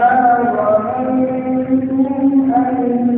ما ظننتم أن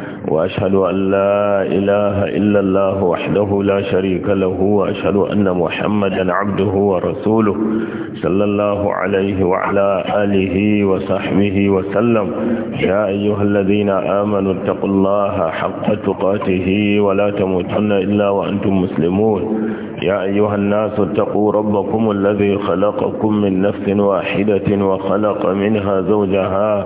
وأشهد أن لا إله إلا الله وحده لا شريك له وأشهد أن محمدا عبده ورسوله صلى الله عليه وعلى آله وصحبه وسلم يا أيها الذين آمنوا اتقوا الله حق تقاته ولا تموتن إلا وأنتم مسلمون يا أيها الناس اتقوا ربكم الذي خلقكم من نفس واحدة وخلق منها زوجها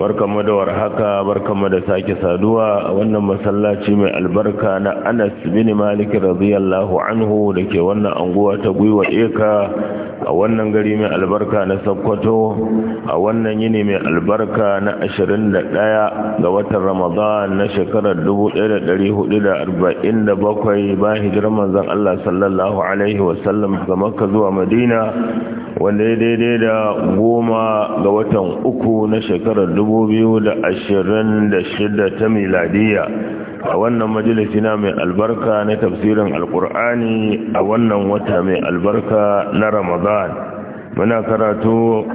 barkamu da warhaka barkamu da sake saduwa a wannan masallaci mai albarka na Anas bin Malik radiyallahu anhu dake wannan anguwa ta Guiwa Eka a wannan gari mai albarka na Sokoto a wannan yini mai albarka na 21 ga watan Ramadan na shekarar 1447 ba hijirar manzon Allah sallallahu alaihi sallam daga Makka zuwa Madina wanda daidai da goma ga watan uku na shekarar shida ta miladiya a wannan majalisi na mai albarka na tafsirin alkur'ani a wannan wata mai albarka na ramadan muna karatu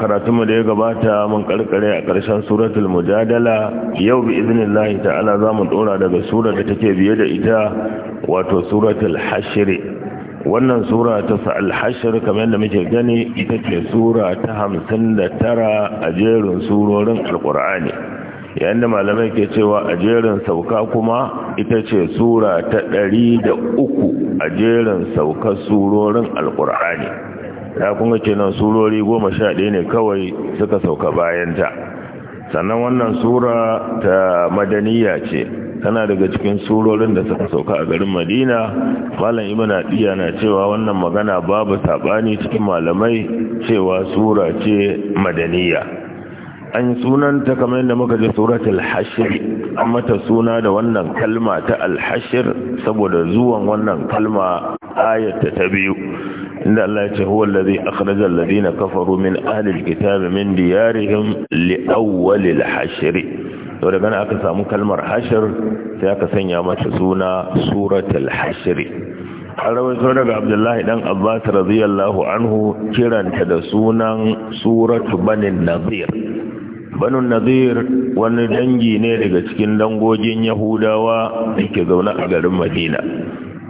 karatunmu da ya gabata mun karkare a ƙarshen suratul mujadala yau bi iznillahi ta'ala za mu ɗora daga surar da take biye da ita wato suratul hashiri wannan sura ta Sa'al hashir kamar yadda muke gani ita ce sura ta hamsin da tara a jerin surorin alkur'ani yayin da malamai ke cewa a jerin sauka kuma ita ce sura ta ɗari da uku a jerin saukar surorin alkur'ani ya kuma kenan surori goma sha ɗaya ne kawai suka sauka bayanta sannan wannan sura ta madaniya ce tana daga cikin surorin da suka sauka a garin madina malam ibn adiya na cewa wannan magana babu sabani cikin malamai cewa sura ce madaniya an sunanta kamar yadda muka ji suratul hashr an mata suna da wannan kalma ta al saboda zuwan wannan kalma ayata ta biyu Inda Allah إن الله هو الذي أخرج الذين كفروا من أهل الكتاب من ديارهم لأول الحشر sau daga nan aka samu kalmar hashir sai aka sanya mata suna suratul hashiri an rawaito daga abdullahi dan abbas radiyallahu anhu kiranta da sunan suratu banin nazir banin nazir wani dangi ne daga cikin dangogin yahudawa da ke zaune a garin madina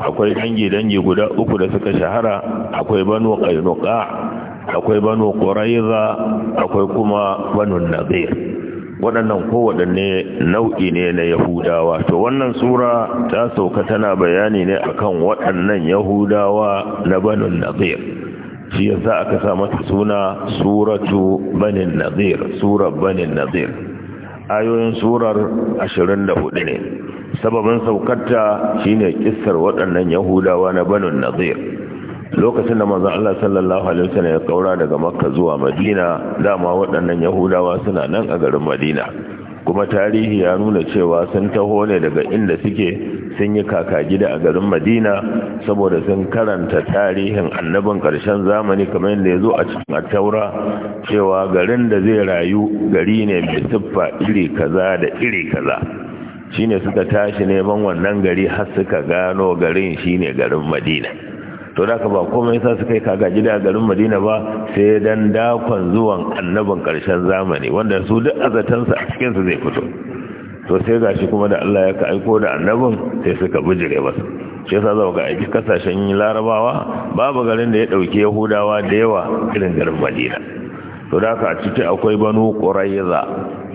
akwai dangi dangi guda uku da suka shahara akwai banu qainuqa akwai banu quraiza akwai kuma banu nazir waɗannan kowaɗanne nau'i ne na yahudawa to wannan sura ta sauka tana bayani ne akan waɗannan yahudawa na banin nazir shi yasa aka sa mata suna suratu banin nazir sura banin nazir ayoyin surar 24 ne sababin saukarta shine kissar waɗannan yahudawa na banin nazir lokacin da manzon Allah sallallahu alaihi wasallam ya kaura daga makka zuwa madina dama waɗannan yahudawa suna nan a garin madina kuma tarihi ya nuna cewa sun taho ne daga inda suke sun yi kaka gida a garin madina saboda sun karanta tarihin annabin ƙarshen zamani kamar yadda ya zo a cikin Taura cewa garin da zai rayu gari ne mai siffa iri kaza da iri kaza shine suka tashi neman wannan gari har suka gano garin shine garin madina to da ka ba komai sa su kai kaga gida a garin madina ba sai dan dakon zuwan annabin karshen zamani wanda su duk azatansa a cikinsu zai fito to sai gashi kuma da Allah ya ka aiko da annabin sai suka bijire Sai shi yasa ga aiki kasashen larabawa babu garin da ya ɗauki yahudawa da yawa irin garin madina to da ka a ciki akwai banu quraiza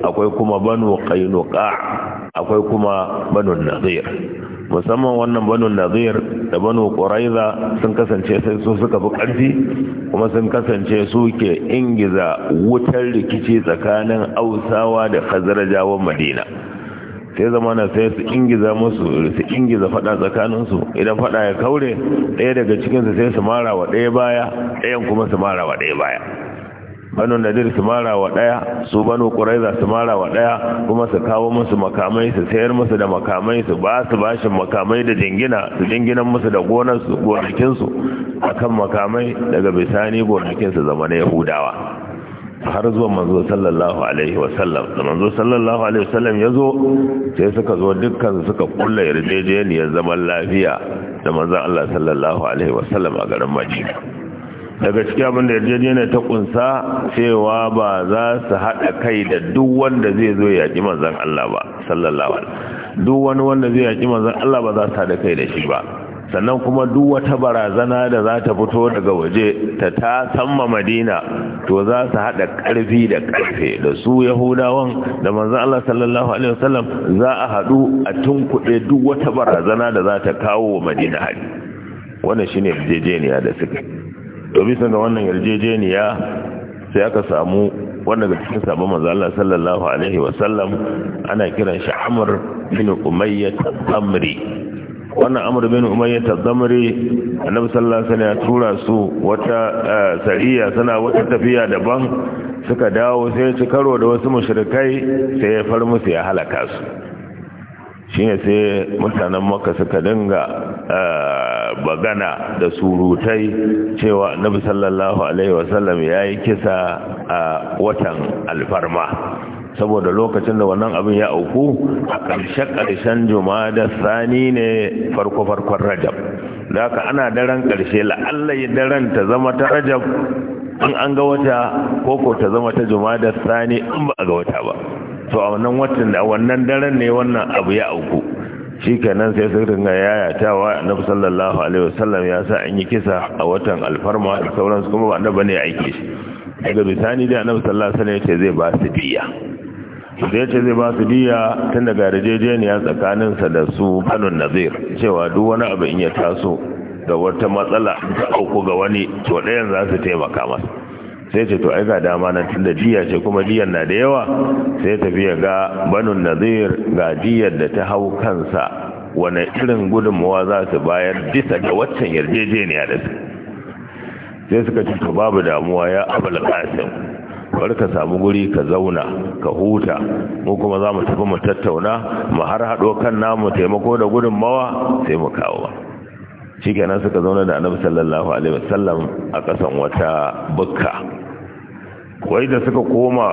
akwai kuma banu qainuqa akwai kuma banu Nazir. musamman wannan banu nazir da banu ƙuraiza sun kasance sai su suka fi ƙarfi kuma sun kasance su ke ingiza wutar rikici tsakanin ausawa da khazarajawan madina sai zamana sai su ingiza musu su ingiza fada tsakaninsu idan fada ya kaure ɗaya daga cikinsu sai su mara wa ɗaya baya ɗayan kuma su mara wa ɗaya baya banu nadir su mara wa ɗaya su banu ƙuraiza su mara wa ɗaya kuma su kawo musu makamai su sayar musu da makamai su ba su bashin makamai da jingina su jinginan musu da gonar su, gonakin su akan makamai daga bisani gonakinsu zama na yahudawa har zuwa manzo sallallahu alaihi wasallam da manzo sallallahu alaihi wasallam ya zo sai suka zo dukkan suka kulla yarjejeniyar zaman lafiya da manzo Allah sallallahu alaihi wasallam a garin Madina daga cikin abin da yarjejeniya ta kunsa cewa ba za su haɗa kai da duk wanda zai zo yaƙi manzan Allah ba sallallahu alaihi duk wani wanda zai yaƙi manzan Allah ba za su haɗa kai da shi ba sannan kuma duk wata barazana da za ta fito daga waje ta ta samma madina to za su haɗa ƙarfi da ƙarfe da su yahudawan da manzan Allah sallallahu alaihi wasallam za a haɗu a tunkuɗe duk wata barazana da za ta kawo wa madina hari wannan shine jejeniya da suka to bisa wannan yarjejeniya sai aka samu wanda da cikin sabon manzo Allah sallallahu alaihi wa sallam ana kiran shi Amr bin Umayyah zamri wannan Amr bin Umayyah zamri amri annabi sallallahu alaihi wasallam ya tura su wata eh, sariya sana wata tafiya daban suka dawo sai ya ci karo da wasu mushrikai sai ya far musu ya halaka su ne sai mutanen maka suka dinga eh, bagana da surutai cewa annabi sallallahu alaihi wasallam yi kisa a watan alfarma saboda lokacin da wannan abin ya auku a ƙarshe-ƙarshen da sani ne farko-farkon rajab da aka ana daren ƙarshe la'alla yi daren ta zama ta rajab in an ga wata koko ta zama ta da sani in ba a ga wata ba to a wannan watan a wannan daren ne wannan abu ya auku kenan sai su ta yayatawa annabi sallallahu alaihi wasallam ya sa an yi kisa a watan alfarma da sauransu kuma ba annabi ne aike shi daga bisani da annabi sallallahu alaihi wasallam ya ce zai ba su diya da ya ce zai ba su diya tun daga yarjejeniya tsakaninsa da su banun nazir cewa duk wani abu in ya taso ga wata matsala ta auku ga wani to ɗayan za su taimaka masa sai ce to ai ga dama nan tunda jiya ce kuma jiyan na da yawa sai tafi ya ga banun nazir ga jiyar da ta hau kansa wani irin gudunmawa za su bayar bisa ga waccan yarjejeniya da su sai suka ci to babu damuwa ya abu qasim bari ka samu guri ka zauna ka huta mu kuma za mu tafi mu tattauna mu har haɗo kan namu taimako da gudunmawa sai mu kawo ba. shikenan suka zauna da annabi sallallahu alaihi wasallam a ƙasan wata bukka wai da suka koma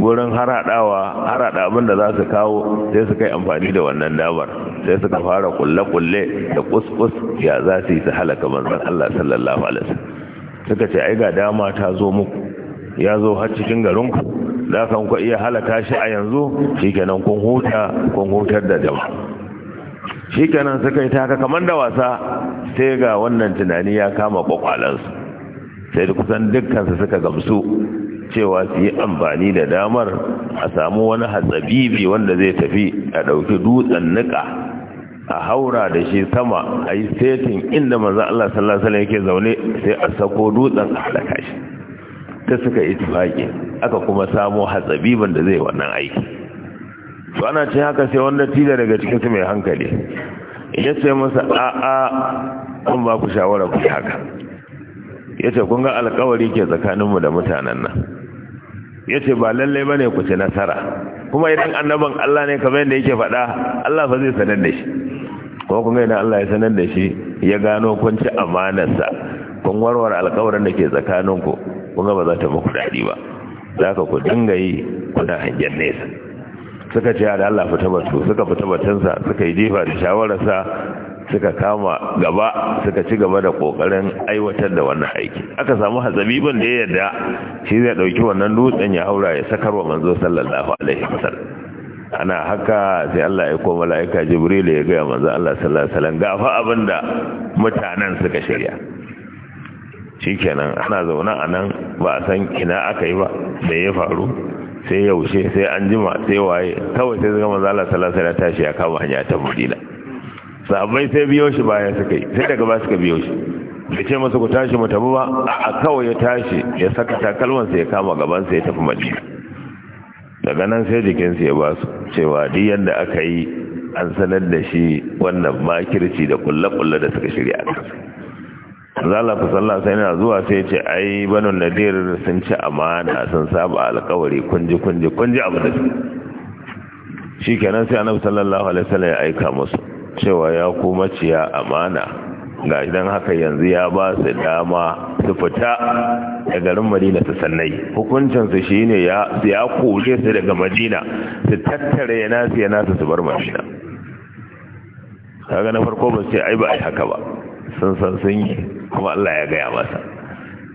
gurin haradawa harada abin da za su kawo sai suka yi amfani da wannan damar sai suka fara kulle-kulle da kuskus ya za su yi su halaka manzan Allah sallallahu alaihi wasallam suka ce ai ga dama ta zo muku ya zo har cikin ku da kan ku iya halaka shi a yanzu shikenan kun huta kun hutar da jama'a shikenan suka yi taka kamar da wasa sai ga wannan tunani ya kama kwakwalansu sai da kusan dukkansu suka gamsu cewa su yi amfani da damar a samu wani hatsabibi wanda zai tafi a ɗauki dutsen nika a haura da shi sama a yi setin inda maza Allah sallallahu Alaihi yake zaune sai a sako dutsen a halaka shi ta suka yi tufaƙi aka kuma samu hatsabibin da zai wannan aiki su ana cin haka sai wanda tila daga cikin su mai hankali ya ce masa a'a an ba ku shawara ku yi haka ya ce kun ga alkawari ke tsakaninmu da mutanen nan yace ba lalle ne ku ci nasara kuma idan annaban Allah ne kamar yadda yake faɗa Allah fa zai sanar da shi ko kun ga idan Allah ya sanar da shi ya gano kun ci amanarsa kun warware alƙawarin da ke tsakaninku kun ga ba za ta muku daɗi ba za ka ku dinga yi kuna hangen nesa suka ce da Allah fita batu suka fita batunsa suka yi jefa da shawararsa suka kama gaba suka ci gaba da kokarin aiwatar da wannan aiki aka samu hazabiban da ya yarda shi zai dauki wannan dutsen ya haura ya wa manzo sallallahu alaihi wasallam ana haka sai Allah ya koma mala'ika Jibril ya ga manzo Allah sallallahu alaihi wasallam gafa abinda mutanen suka shirya shikenan ana zaune a nan ba a san ina aka yi ba da ya faru sai yaushe sai an jima sai waye kawai sai ga manzo Allah sallallahu alaihi wasallam tashi ya kama hanya ta Madina sabai sai biyo shi baya suka yi sai daga ba suka biyo shi da ce masa ku tashi mu tafi ba a kawai ya tashi ya saka sai ya kama gaban sai ya tafi madina daga nan sai jikinsu ya ba su cewa duk yadda aka yi an sanar da shi wannan makirci da kulle-kulle da suka shirya a kansa zala ku sallah sai na zuwa sai ce ai banu nadir sun ci amana sun saba alkawari kunji kunji kunji abu da Shi kenan sai annabi sallallahu alaihi wasallam ya aika musu cewa ya kuma ciya amana ga idan haka yanzu ya ba su dama su fita da garin madina su sannai hukuncinsu shi ne ya kore su daga madina su tattara ya nasu ya nasu su bar madina kaga na farko ba ce ai ba ai haka ba sun san sun yi kuma Allah ya gaya masa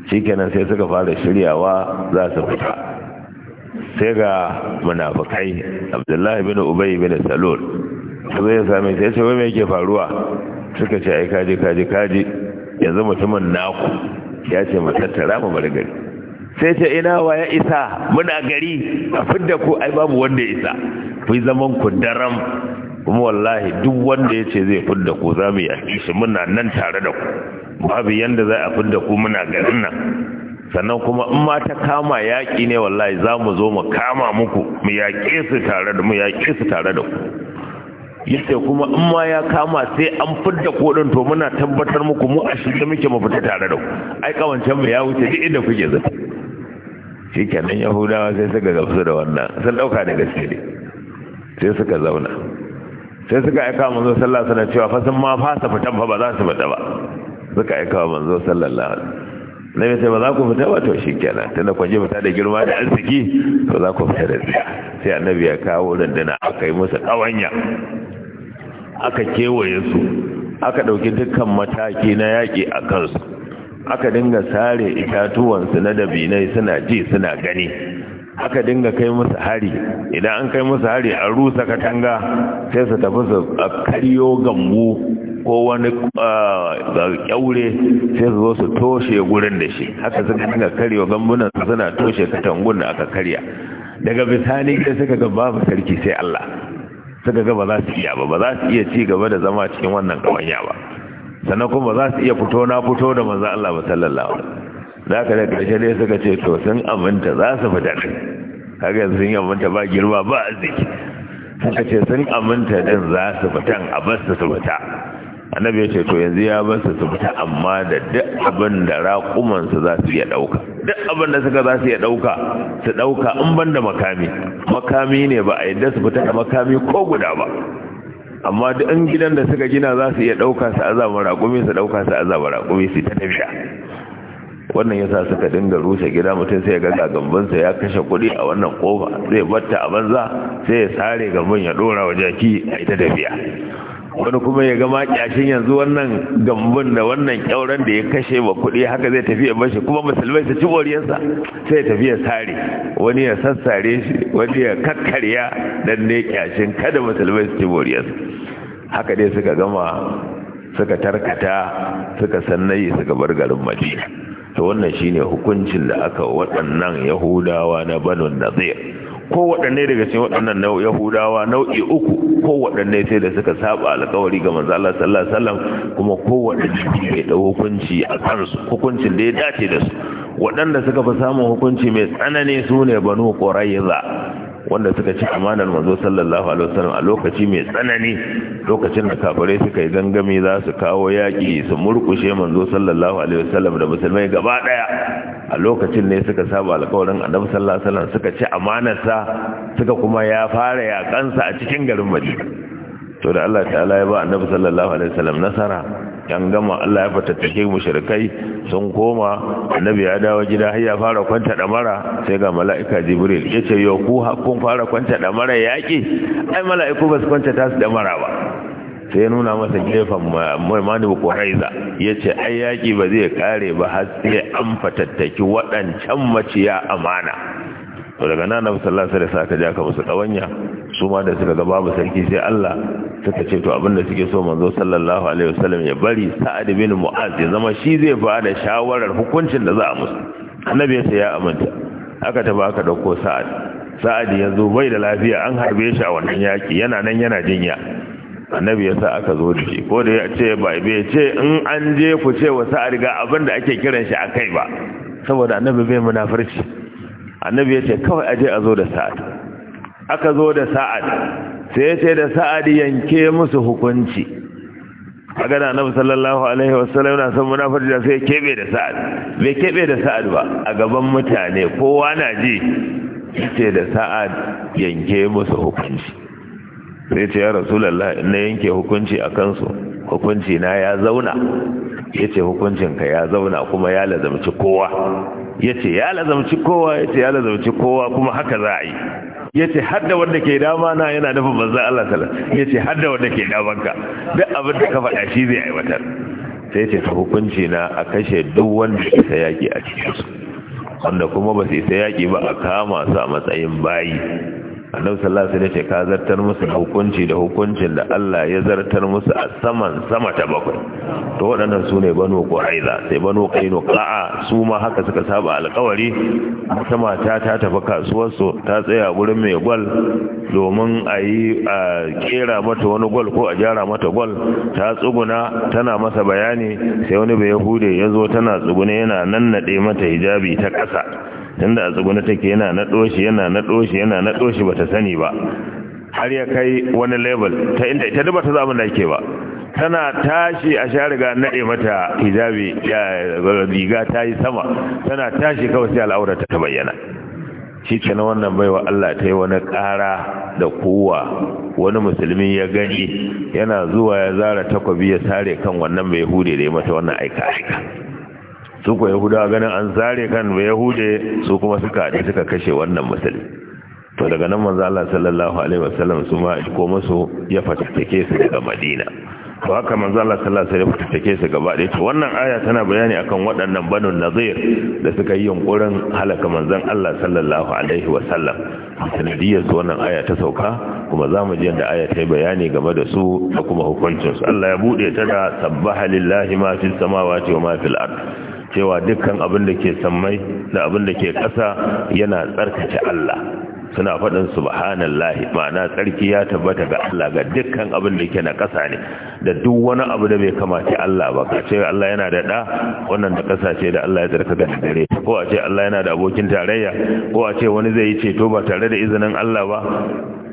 shikenan sai suka fara shiryawa za su fita sai ga munafikai Abdullahi bin Ubay bin Salul ta zai sami sai sai ce wai mai yake faruwa suka ce ai kaji kaji kaji yanzu mutumin naku ya ce matattara tattara mu bar gari sai ce ina wa ya isa muna gari a fidda ku ai babu wanda ya isa ku yi zaman ku daram kuma wallahi duk wanda ya ce zai fidda ku za mu yaki shi muna nan tare da ku babu yanda za a fidda ku muna garin nan sannan kuma in ma ta kama yaƙi ne wallahi za mu zo mu kama muku mu yaƙe su tare da mu yaƙe su tare da ku yace kuma in ma ya kama sai an fidda kodin to muna tabbatar muku mu a shirye muke mu fita tare da ku ai kawancen mu ya wuce duk inda kuke zata shikenan yahudawa sai suka gamsu da wannan sun dauka da gaske ne sai suka zauna sai suka aika manzo sallallahu alaihi wasallam cewa fa sun ma fasa fitan fa ba za su fita ba suka aika wa manzo sallallahu alaihi wasallam nabi sai ba za ku fita ba to shikenan tunda kun ji fita da girma da arziki to za ku fita da tsaya sai annabi ya kawo dandana yi musu kawanya aka kewaye su aka ɗauki dukkan mataki na yaki a kansu aka dinga sare itatuwansu na dabinai suna ji suna gani aka dinga kai musu hari idan an kai musu hari a rusa katanga sai su tafi su karyo gambu ko wani kyaure sai su zo su toshe gurin da shi haka suka dinga karyo gambunan suna toshe katangun da aka karya daga bisani sai suka ga babu sarki sai Allah suka ga ba za su iya ba ba za su iya ci gaba da zama cikin wannan kawanya ba sannan kuma ba za su iya fito na fito da manzo Allah ba sallallahu alaihi da aka da karshe dai suka ce to sun aminta za su fita din kaga sun yi aminta ba girma ba arziki suka ce sun aminta din za su fita a bar su su fita annabi ya ce to yanzu ya bar su su fita amma da duk abin da raƙuman su za su iya ɗauka duk abin da suka za su iya ɗauka su ɗauka in ban da makami makami ne ba a yadda su fita da makami ko guda ba amma duk in gidan da suka gina za su iya ɗauka su azaba raƙumi su ɗauka su azaba raƙumi su ta tafiya wannan yasa suka dinga rushe gida mutum sai ya ga sa ya kashe kuɗi a wannan kofa zai batta a banza sai ya sare gaban ya ɗora wa jaki a ita tafiya wani kuma ya gama kyashin yanzu wannan gambun da wannan kyauran da ya kashe ba kuɗi haka zai tafiya bashi kuma musulmai su ci moriyarsa sai tafiya sare wani ya sassare shi wani ya kakkarya dan ne kyashin kada musulmai su ci moriyarsa haka dai suka gama suka tarkata suka sannayi suka bar garin madina to wannan shine hukuncin da aka waɗannan yahudawa na banu nazir Ko waɗanne daga cikin waɗannan yahudawa nau'i uku Ko waɗanne sai da suka saba alƙawari ga manzo Allah sallallahu alaihi wasallam kuma kowaɗanne bai da hukunci a kansu hukuncin da ya dace da su waɗanda suka fi samun hukunci mai tsanani sune ne banu qurayza wanda suka ci amanar manzo sallallahu alaihi wasallam a lokaci mai tsanani lokacin da kafirai suka yi gangami za su kawo yaƙi su murkushe manzo sallallahu alaihi wasallam da musulmai gaba daya a lokacin ne suka saba alƙawarin annabi sallallahu alaihi wasallam suka ci amanarsa suka kuma ya fara yaƙansa a cikin garin Madina to da Allah ta'ala ya ba annabi sallallahu alaihi wasallam nasara yan gama Allah ya fatattake mushrikai sun koma annabi ya dawo gida har ya fara kwanta da mara sai ga mala'ika jibril yace yo ku kun fara kwanta da mara yaki ai mala'iku ba su kwanta da mara ba sai ya nuna masa gefen maimani kuraiza ya ce ai yaki ba zai kare ba har sai an fatattaki waɗancan maciya amana to daga nan na sallallahu alaihi wasallam sai ka musu ɗawanya su ma da suka ga babu sarki sai Allah suka ce to abinda suke so manzo sallallahu alaihi wasallam ya bari sa'ad bin mu'az ya zama shi zai bada shawarar hukuncin da za a musu annabi sai ya aminta aka tafi aka dauko sa'ad sa'ad ya zo bai da lafiya an harbe shi a wannan yaki yana nan yana jinya annabi ya sa aka zo da shi ko da ya ce ba bai ce in an je ku ce wa sa'ad ga abinda ake kiran shi akai ba saboda annabi bai munafurci annabi ya ce kawai aje a zo da sa'ad aka zo da sa'ad sai ce da sa'ad yanke musu hukunci kaga da annabi sallallahu alaihi wasallam na san munafiki da sai kebe da sa'ad bai kebe da sa'ad ba a gaban mutane kowa na ji ce da sa'ad yanke musu hukunci sai ce ya in na yanke hukunci a kansu hukunci na ya zauna yace hukuncinka ya zauna kuma ya lazamci kowa yace ya lazamci kowa yace ya lazamci kowa kuma haka za a yi ya ce hadda wanda ke dama na yana nufin manzan Allah sallam ya ce hadda wanda ke damanka duk abin da ka faɗa shi zai aiwatar sai ce hukunci na a kashe duk wanda ya isa yaƙi a cikinsu wanda kuma ba su isa yaƙi ba a kama su a matsayin bayi annabi sallallahu alaihi wasallam ka zartar musu hukunci da hukuncin da Allah ya zartar musu a saman sama ta bakwai to waɗannan su ne banu quraiza sai banu qa'a su ma haka suka saba alƙawari sama ta ta tafi kasuwar su ta tsaya gurin mai gwal domin a yi a kera mata wani gwal ko a gyara mata gwal ta tsuguna tana masa bayani sai wani bai hude ya zo tana tsugune yana nannade mata hijabi ta ƙasa tunda a tsuguna take yana na doshi yana na doshi yana naɗo ba bata sani ba har ya kai wani level ta inda ita duba ta zama da yake ba tana tashi a sha riga naɗe mata hijabi riga ta yi sama tana tashi kawai sai al'aura ta bayyana shi ke wannan baiwa Allah ta yi wani ƙara da kowa wani musulmi ya gani yana zuwa ya zara takwabi ya sare kan wannan mai hude da ya mata wannan aika-aika su ko yahuda ganin an zare kan ba yahude su kuma suka haɗe suka kashe wannan musulmi to daga nan manzo Allah sallallahu alaihi wasallam su ma ko musu ya fatattake su daga Madina to haka manzo Allah sallallahu alaihi wasallam ya fatattake su gaba da to wannan aya tana bayani akan waɗannan banu nazir da suka yi yunkurin halaka manzon Allah sallallahu alaihi wasallam sanadiyar su wannan aya ta sauka kuma zamu ji yadda aya ta yi bayani game da su da kuma hukuncin su Allah ya bude ta da sabbaha lillahi ma fi samawati wa ma fil ardh cewa dukkan abin da ke sammai da abin da ke ƙasa yana tsarkace Allah suna faɗin subhanallahi ma'ana tsarki ya tabbata ga Allah ga dukkan abin da ke na ƙasa ne da duk wani abu da bai kamace Allah ba ka ce Allah yana da ɗa wannan da ƙasa ce da Allah ya tsarkaka da dare ko a ce Allah yana da abokin tarayya ko a ce wani zai yi ceto ba tare da izinin Allah ba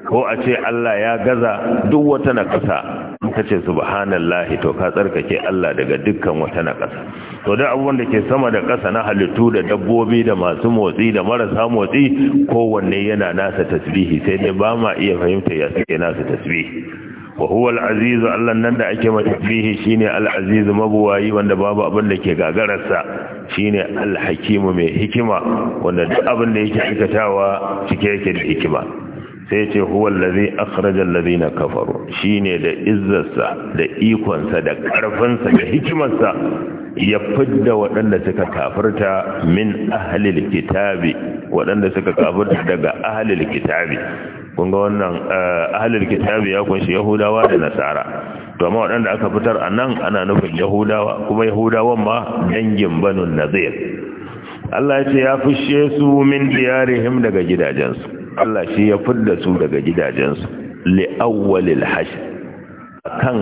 ko a ce Allah ya gaza duk wata na ƙasa ka ce subhanallahi to ka tsarkake Allah daga dukkan wata ƙasa to da abubuwan da ke sama da ƙasa na halittu da dabbobi da masu motsi da marasa motsi kowanne yana nasa tasbihi sai dai ba ma iya fahimta ya suke nasa tasbihi wa huwa al Allah nan da ake mata tasbihi shine al mabuwayi wanda babu abin da ke gagararsa shine al-hakimu mai hikima wanda duk abin da yake aikatawa cike yake da hikima sai ce huwal ladhi akhrajal ladina kafaru shine da izzarsa da ikonsa da karfinsa da hikimarsa ya fidda waɗanda suka kafirta min ahlil kitabi waɗanda suka kafirta daga ahlil kitabi kun ga wannan eh, ahlil kitabi ya kunshi yahudawa da nasara to waɗanda aka fitar anan ana nufin yahudawa kuma yahudawan ma dangin banu nazir Allah ya ce ya fushe su min diyarihim daga gidajensu Allah shi ya fidda su daga gidajensu li'awwalil A kan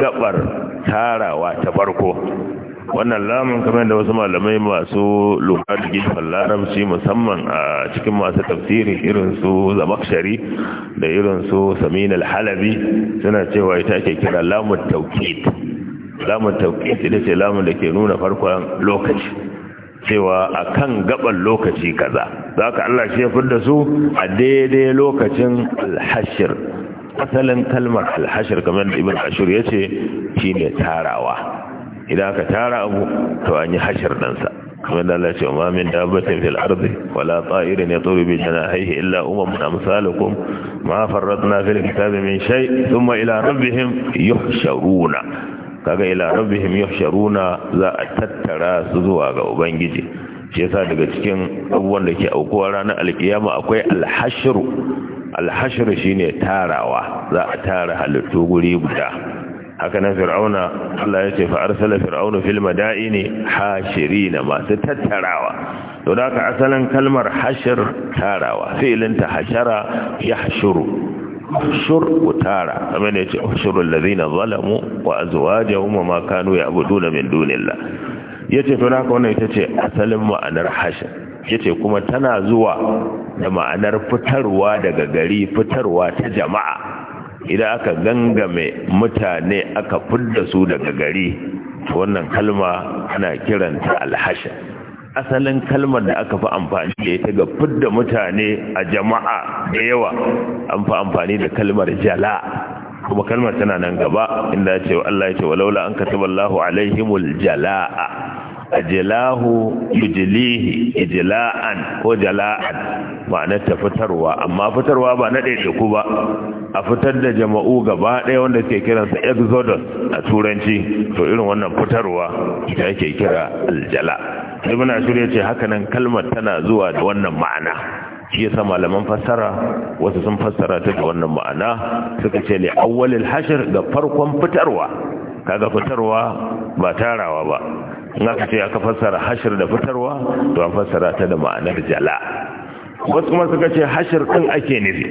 gabar tarawa ta farko wannan lamun kamar da wasu malamai masu lura da larabci musamman a cikin masu tafsiri irin su zamakshari da irin su samin halabi suna cewa ita ake kira lamun tauqit lamun tauqit ita ce lamun da ke nuna farkon lokaci cewa a kan gaban lokaci kaza za ka Allah shi da su a daidai lokacin alhashir asalin kalmar alhashir kamar da ibn ashur ya ce shi ne tarawa idan aka tara abu to an yi hashir ɗansa kamar da Allah ce wa min dabbatin fil ardi wala ta'irin yaturu bi janahihi illa umamun amsalukum ma farratna fil kitabi min shay thumma ila rabbihim yuhsharuna kaga ila rabbihim yuhsharuna za a tattara su zuwa ga ubangiji shi yasa daga cikin abubuwan da ke aukuwa ranar alkiyama akwai alhashru alhashru shine tarawa za a tara halittu guri guda haka na fir'auna Allah ya ce fa arsala fir'auna fil madaini hashirina masu tattarawa to da ka asalin kalmar hashir tarawa fi'ilin ta hashara yahshuru shur ku kamar da yace ushurul ladina zalamu wa azwajuhum ma kanu ya'buduna min dunillah yace to naka wannan ita ce asalin ma'anar hashr yace kuma tana zuwa da ma'anar fitarwa daga gari fitarwa ta jama'a idan aka gangame mutane aka fidda su daga gari wannan kalma ana kiranta Alhasha. asalin kalmar da aka fi amfani da ita ga fidda mutane a jama'a da yawa an fi amfani da kalmar jala kuma kalmar tana nan gaba inda ya ce Allah ya ce walaula an kataballahu alaihimul jala'a ajlahu yujlihi ijla'an ko jala'an ma'anar ta fitarwa amma fitarwa ba na ɗaiɗe ku ba a fitar da jama'u gaba ɗaya wanda ke kiransa exodus a turanci to irin wannan fitarwa ita yake kira aljala ibn ashur yace haka nan kalmar tana zuwa da wannan ma'ana shi yasa malaman fassara wasu sun fassara ta da wannan ma'ana suka ce li awwalil hashr ga farkon fitarwa kaga fitarwa ba tarawa ba in aka ce aka fassara hashr da fitarwa to an fassara ta da ma'anar jala wasu kuma suka ce hashr din ake nufi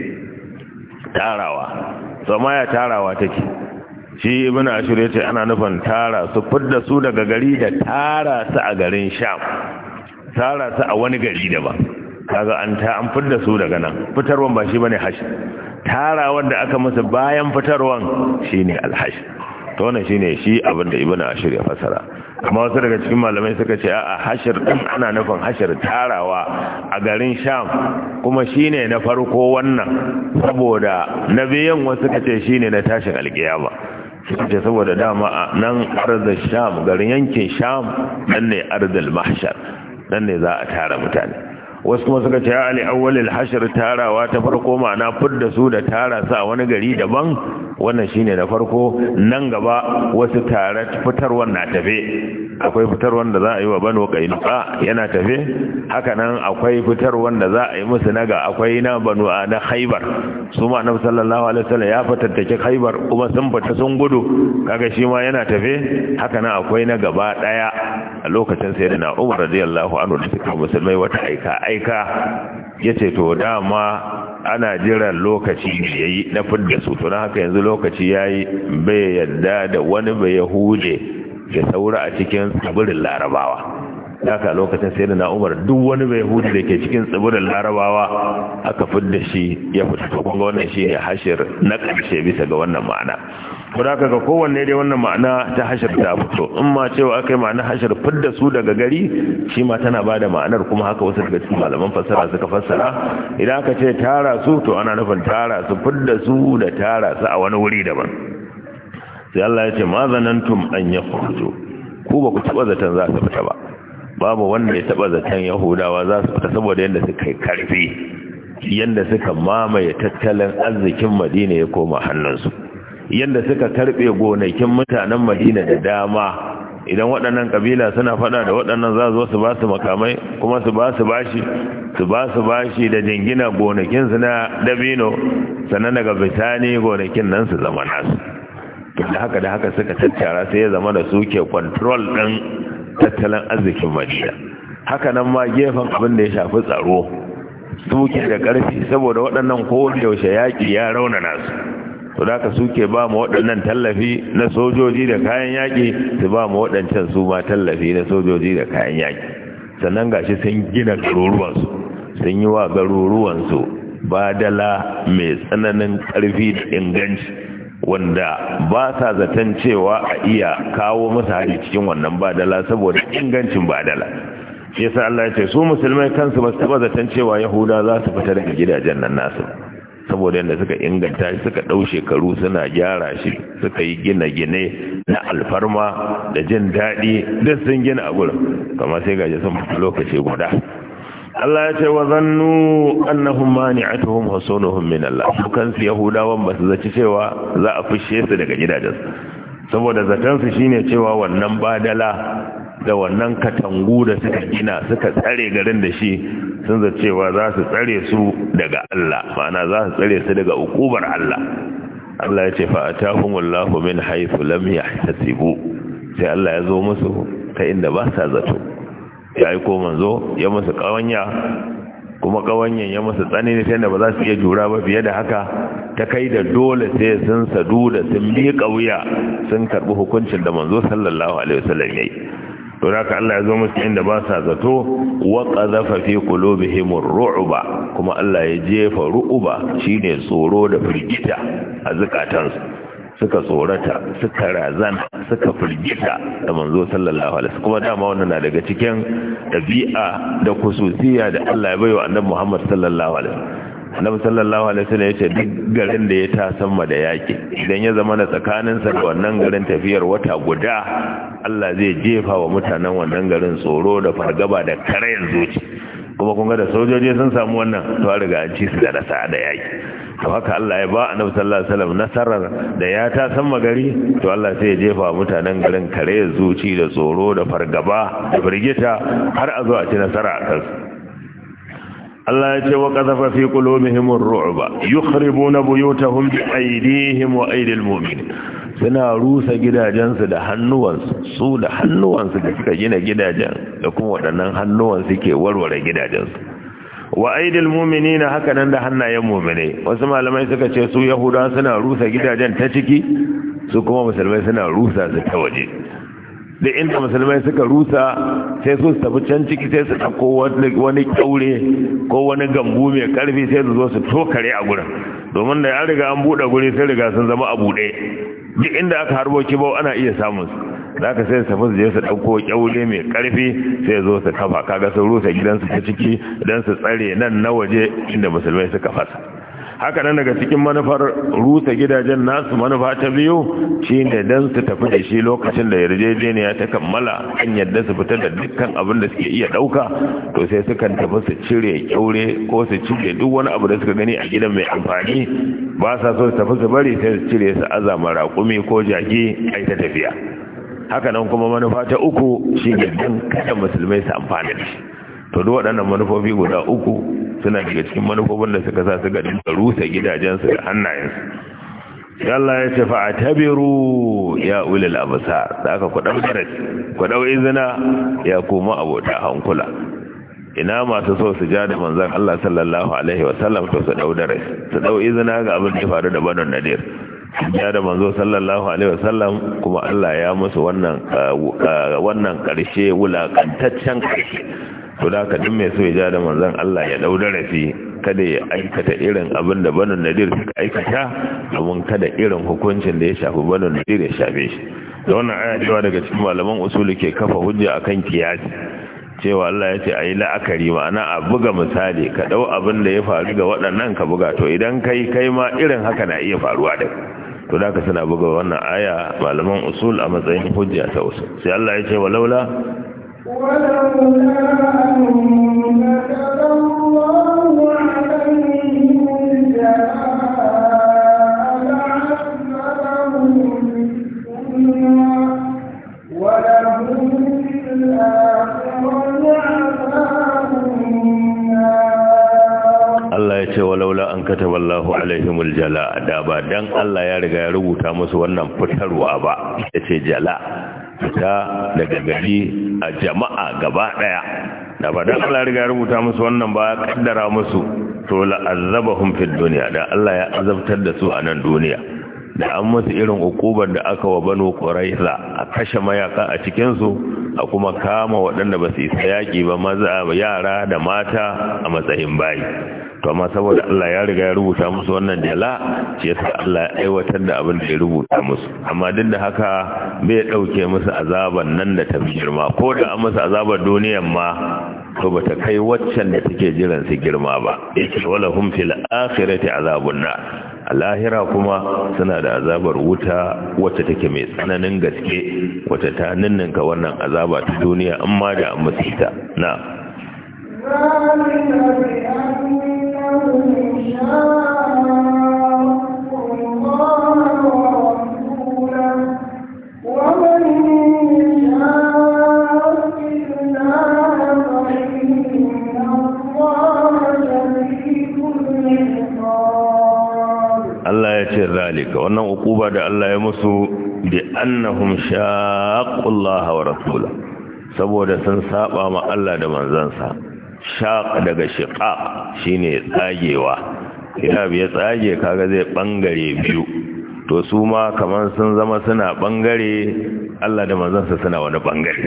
tarawa ma ya tarawa take shi ibn ashur yace ana nufin tara su fidda su daga gari da tara su a garin sham tara su a wani gari da ba kaga an ta an fidda su daga nan fitarwan ba shi bane hash tara wanda aka musu bayan fitarwan shine alhash to wannan shine shi abin da ibn ashur ya fasara amma wasu daga cikin malamai suka ce a hashir din ana nufin hashir tarawa a garin sham kuma shine na farko wannan saboda na biyan wasu suka ce shine na tashin alkiyama suka ce saboda dama a nan arzal sham garin yankin sham nan ne arzal mahshar nan ne za a tara mutane wasu kuma suka ce ya ali awwalil hashr tarawa ta farko ma'ana fudda su da tara sa wani gari daban wannan shine na farko nan gaba wasu tare fitarwar na tafe akwai fitar wanda za a yi wa banu kainuka yana tafe haka nan akwai fitar wanda za a yi musu naga akwai na banu na haibar. su ma annabi sallallahu alaihi wasallam ya fatattake haibar kuma sun fita sun gudu kaga shi ma yana tafe haka nan akwai na gaba daya a lokacin sayyidina Umar radiyallahu anhu da suka musulmai wata aika aika yace to dama ana jiran lokaci ya yi na fidda su To na haka yanzu lokaci ya yi bai yadda da wani bai ya huje ya saura a cikin tsibirin larabawa haka lokacin sai da na'umar duk wani mai hudu da ke cikin tsibirin larabawa aka fidda shi ya fito kuma wannan shi ne hashir na ƙarshe bisa ga wannan ma'ana kuma aka ga kowanne dai wannan ma'ana ta hashir ta fito in ma cewa aka yi ma'ana hashir fidda su daga gari shi ma tana ba da ma'anar kuma haka wasu daga cikin malaman fassara suka fassara idan aka ce tara su to ana nufin tara su fidda su da tara su a wani wuri daban sai Allah ya ce ma zanantum an yakhruju ku ba ku taba zaton za su fita ba babu wanda ya taba zaton yahudawa za su fita saboda yanda suka yi karfi yanda suka mamaye tattalin arzikin Madina ya koma hannunsu yanda suka karbe gonakin mutanen Madina da dama idan waɗannan kabila suna fada da waɗannan za su su ba makamai kuma su ba su bashi su ba bashi da jingina gonakin su na dabino sannan daga bisani gonakin nan su zama nasu da haka da haka suka tattara sai ya zama da suke control din tattalin arzikin madina haka nan ma gefen abin da ya shafi tsaro suke da ƙarfi saboda waɗannan kowane yaushe yaƙi ya raunana su to da haka suke ba mu waɗannan tallafi na sojoji da kayan yaƙi su ba mu waɗancan su ma tallafi na sojoji da kayan yaƙi sannan gashi sun gina garuruwansu sun yi wa garuruwansu badala mai tsananin ƙarfi da inganci wanda ba sa zaton cewa a iya kawo masa hari cikin wannan badala saboda ingancin badala shi sa Allah ya ce su musulmai kansu ba su taba zaton cewa yahuda za su fita daga gidajen nan nasu saboda yadda suka inganta shi suka ɗau shekaru suna gyara shi suka yi gina gine na alfarma da jin daɗi duk sun gina a gurin kamar sai gaji sun fita lokaci guda Allah ya ce wa zannu annahum mani'atuhum sunuhum min Allah su yahudawan ba su zaci cewa za a fushe su daga gidajensu saboda zaton su shine cewa wannan badala da wannan katangu da suka gina suka tsare garin da shi sun zaci cewa za su tsare su daga Allah ma'ana za su tsare su daga ukubar Allah Allah ya ce fa atahumullahu min haythu lam yahtasibu sai Allah ya zo musu ta inda ba sa zato ya aiko manzo ya musu kawanya kuma kawanyan ya musu tsanani ta yadda ba za su iya jura ba fiye da haka ta kai da dole sai sun sadu da sun bi wuya sun karɓi hukuncin da manzo sallallahu alaihi wasallam yayi to don haka Allah ya zo musu inda ba sa zato wa qadhafa fi qulubihim ar-ru'ba kuma Allah ya jefa ru'uba shine tsoro da firgita a zakatansu suka tsorata suka razana suka firgita da manzo sallallahu alaihi kuma dama wannan na daga cikin dabi'a da kususiya da Allah ya baiwa annabi Muhammad sallallahu alaihi annabi sallallahu alaihi wasallam yace duk garin da ya ma da yaki idan ya zama na tsakanin sa da wannan garin tafiyar wata guda Allah zai jefa wa mutanen wannan garin tsoro da fargaba da karayar zuci kuma kun ga da sojoji sun samu wannan to riga an ci su da rasa da yaki to haka Allah ya ba annabi sallallahu alaihi wasallam nasarar da ya ta san magari to Allah sai ya jefa mutanen garin kare zuci da tsoro da fargaba da firgita har a zo a ci nasara a kansu Allah ya ce wa qazafa fi qulubihim ar-ru'ba yukhribuna buyutahum bi aydihim wa aydil mu'minin suna rusa gidajensu da hannuwansu su da hannuwansu da suka gina gidajen da kuma waɗannan hannuwan suke warware gidajensu wa aidil mu'minina haka nan da hannayen mu'minai wasu malamai suka ce su yahuda suna rusa gidajen ta ciki su kuma musulmai suna rusa su ta waje da inda musulmai suka rusa sai su tafi can ciki sai su ɗauko wani kyaure ko wani gambu mai karfi sai su zo su tokare a gurin domin da ya riga an buɗe guri sai riga sun zama a buɗe duk inda aka harbo kibau ana iya samun su da aka sai su tafi su je su ɗauko ƙyaule mai ƙarfi sai zo su kafa kaga sun rusa gidansu ta ciki don su tsare nan na waje inda musulmai suka fasa haka nan daga cikin manufar rusa gidajen nasu manufa ta biyu shi ne don su tafi da shi lokacin da yarjejeniya ta kammala an yadda su fitar da dukkan abin da suke iya ɗauka to sai sukan tafi su cire ƙyaure ko su cire duk wani abu da suka gani a gidan mai amfani ba sa so su tafi su bari sai su cire su azama raƙumi ko jaki a ta tafiya haka nan kuma manufa ta uku shi ne don kada musulmai su amfana da shi to duk waɗannan manufofi guda uku suna daga cikin manufofin da suka sa su ga dinka rusa gidajensu da hannayensu Allah ya ce fa atabiru ya ulil absar da aka ku dau darasi ku dau izina ya kuma abota hankula ina masu so su ja da manzon Allah sallallahu alaihi sallam to su dau darasi su dau izina ga abin da faru da banon nadir ya da manzo sallallahu alaihi wasallam kuma Allah ya musu wannan uh, uh, wannan karshe wulakantaccen karshe to da ka dume mai so ya da manzon Allah ya dau shi kada ya aikata irin abin da banu nadir suka aikata domin kada irin hukuncin da ya shafi banu nadir ya shafe shi da wannan aya cewa daga cikin malaman usuli ke kafa hujja akan kiyasi cewa Allah ya ce a yi la'akari ma'ana a buga misali ka dau abin da ya faru ga waɗannan ka buga to idan kai kai ma irin haka na iya faruwa da to da ka suna buga wannan aya malaman usul a matsayin hujja ta usul sai Allah ya ce walaula walaula an an an katawallahu alaihi alaihimul jala da ba dan Allah ya riga ya rubuta musu wannan fitarwa ba yace jala fita daga gari a jama'a gaba daya da ba dan Allah ya riga ya rubuta musu wannan ba kaddara musu to la azabahum fid dunya da Allah ya azabtar da su a nan duniya da an musu irin ukubar da aka wa banu quraiza a kashe mayaka a cikinsu, a kuma kama waɗanda ba su isa yaƙi ba maza yara da mata a matsayin bayi to amma saboda Allah ya riga ya rubuta musu wannan jala ce sai Allah ya aiwatar da abin da ya rubuta musu amma duk da haka bai dauke musu azaban nan da ta girma ko da an musu azabar duniyar ma to bata kai waccan da take jiran su girma ba yake wala hum fil akhirati azabun na. a lahira kuma suna da azabar wuta wacce take mai tsananin gaske wacce ta ninninka wannan azaba ta duniya ma da an musita na zalika wannan uquba da Allah ya musu bi annahum shaqullaha wa rasula saboda sun saba ma Allah da manzansa shaq daga shiqaq shine tsagewa idan ya tsage kaga zai bangare biyu to su ma kamar sun zama suna bangare Allah da manzansa suna wani bangare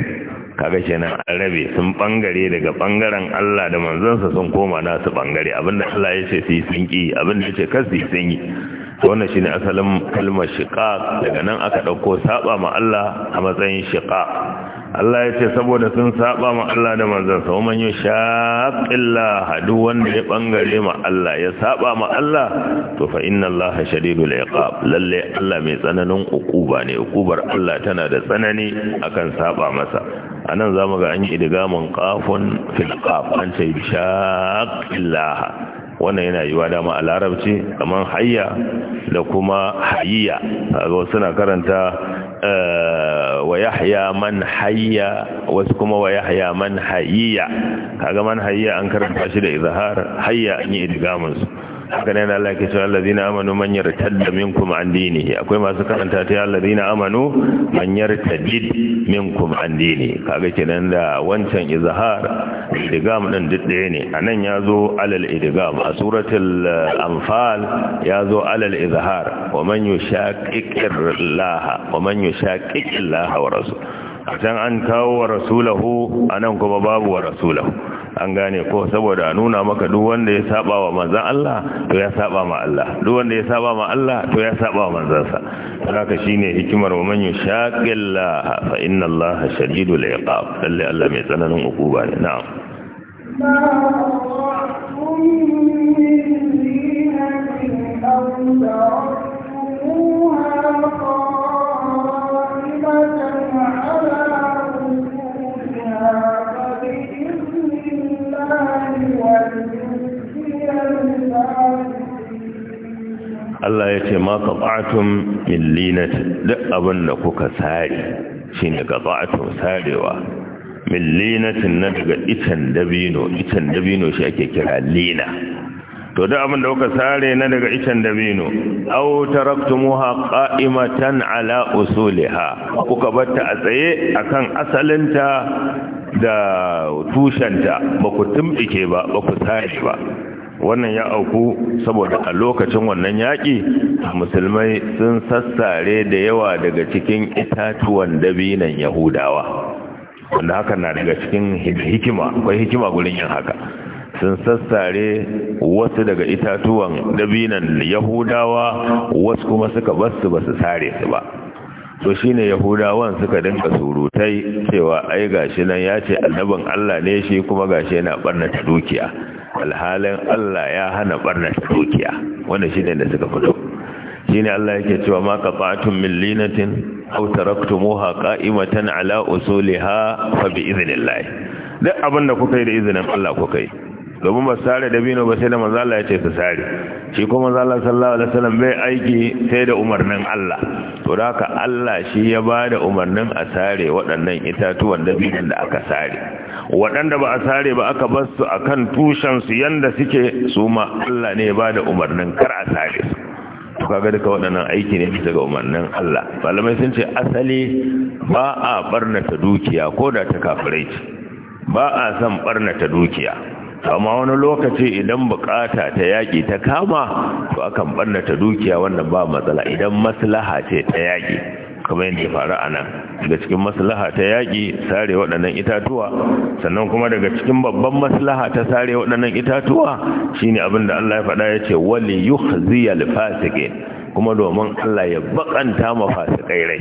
kaga kenan an rabe sun bangare daga bangaren Allah da manzansa sun koma nasu bangare abinda Allah ya ce su yi sun ki abinda ya ce kar su sun yi to wannan ne asalin kalmar shiqaq daga nan aka ɗauko Saɓa ma Allah a matsayin shiqaq Allah ya ce saboda sun saba ma Allah da manzan sa manyan yashaqillah hadu wanda ya ɓangare ma Allah ya saɓa ma Allah to fa inna Allah ya iqab lalle Allah mai tsananin ukuba ne ukubar Allah tana da tsanani akan saɓa masa A anan zamu ga an yi idgamun qafun fil an ce shaqillah wannan yana yi wa dama a larabci kamar hayya da kuma hayya ga suna karanta eh, wa yahya man hayya wasu kuma wa yahya man hayya kaga man hayya an karanta shi da izhar hayya an yi idgamin su haka ne Allah ke cewa allazina amanu man yartadda minkum an dinihi akwai masu karanta ta allazina amanu man yartadid minkum an dini kaga kenan da wancan izhar idgam din duk ɗaya ne anan yazo alal idgam a suratul eh, anfal yazo alal izhar wa man yushaqiqir laha wa man yushaqiqir laha wa rasul a can an kawo wa rasulahu anan kuma babu wa rasulahu an gane ko saboda a nuna maka duk wanda ya saba wa manzan Allah to ya saba ma Allah duk wanda ya saba ma Allah to ya saba wa sa to haka shine hikimar wa man yushaqillaha fa inna Allah shadidul iqab lalle Allah mai tsananin hukuma ne na'am أو تركتموها Allah ya ce ma ka ba'atun linati duk abin da kuka sare ga ba'atun sarewa millinatin na daga itan dabino itan dabino shi ake kira lina to duk abin da kuka sare na daga itan dabino aw taraktumuha qa'imatan ala usuliha kuka batta a tsaye akan asalinta da tushenta ba ku tumbike ba ba ku sare ba wannan ya auku saboda a lokacin wannan yaƙi musulmai sun sassare da yawa daga cikin itatuwan dabinan yahudawa wanda haka na daga cikin hikima akwai hikima gurin yin haka sun sassare wasu daga itatuwan dabinan yahudawa wasu kuma suka basu basu sare su ba to shine yahudawan suka dinka surutai cewa ai gashi nan ya ce annabin Allah ne shi kuma gashi yana barnata dukiya alhalin Allah ya hana barnata dukiya wanda shine da suka fito shine Allah yake cewa ma qata'tum min linatin aw taraktumuha qa'imatan ala usuliha fa bi idhnillah duk abin da kuka yi da izinin Allah kuka yi domin ba sare da bino ba sai da manzo ya ce su sare shi kuma manzo Allah sallallahu alaihi wasallam bai aiki sai da umarnin Allah to da haka Allah shi ya ba da umarnin a sare waɗannan itatuwan da da aka sare waɗanda ba a sare ba aka bar su akan tushen su yanda suke su ma Allah ne ya ba da umarnin kar a sare su to kaga duka waɗannan aiki ne bisa ga umarnin Allah malamai sun ce asali ba a barnata dukiya ko da ta kafirai ba a san barnata dukiya amma wani lokaci idan bukata ta yaƙi ta kama to akan ɓannata dukiya wannan ba matsala idan maslaha ce ta yaƙi kuma yadda ya faru a nan daga cikin maslaha ta yaki sare waɗannan itatuwa sannan kuma daga cikin babban maslaha ta sare waɗannan itatuwa shine abin da Allah ya faɗa ya ce wali yuhziyal fasiqin kuma domin Allah ya bakanta ma fasikai rai